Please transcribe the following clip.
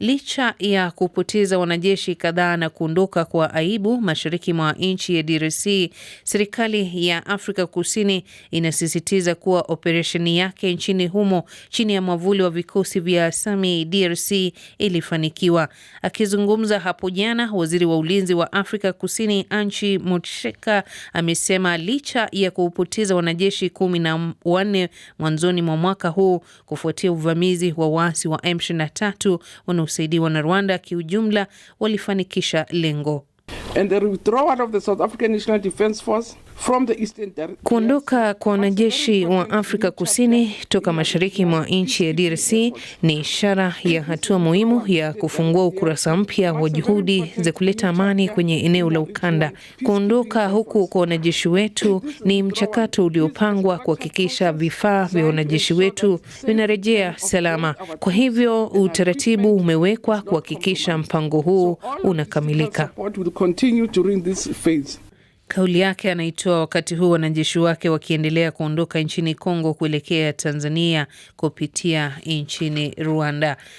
Licha ya kupoteza wanajeshi kadhaa na kuondoka kwa aibu mashariki mwa nchi ya DRC, serikali ya Afrika Kusini inasisitiza kuwa operesheni yake nchini humo chini ya mwavuli wa vikosi vya SAMI DRC ilifanikiwa. Akizungumza hapo jana, waziri wa ulinzi wa Afrika Kusini Anchi mosheka amesema licha ya kupoteza wanajeshi kumi na wanne mwanzoni mwa mwaka huu kufuatia uvamizi wa waasi wa M23 wanaosaidiwa na Rwanda kiujumla walifanikisha lengo. And the of the South African National Defence Force Kuondoka kwa wanajeshi wa Afrika Kusini toka mashariki mwa nchi ya DRC ni ishara ya hatua muhimu ya kufungua ukurasa mpya wa juhudi za kuleta amani kwenye eneo la ukanda. Kuondoka huku kwa wanajeshi wetu ni mchakato uliopangwa kuhakikisha vifaa vya wanajeshi wetu vinarejea salama. Kwa hivyo, utaratibu umewekwa kuhakikisha mpango huu unakamilika. Kauli yake anaitoa wakati huu wanajeshi wake wakiendelea kuondoka nchini Kongo kuelekea Tanzania kupitia nchini Rwanda.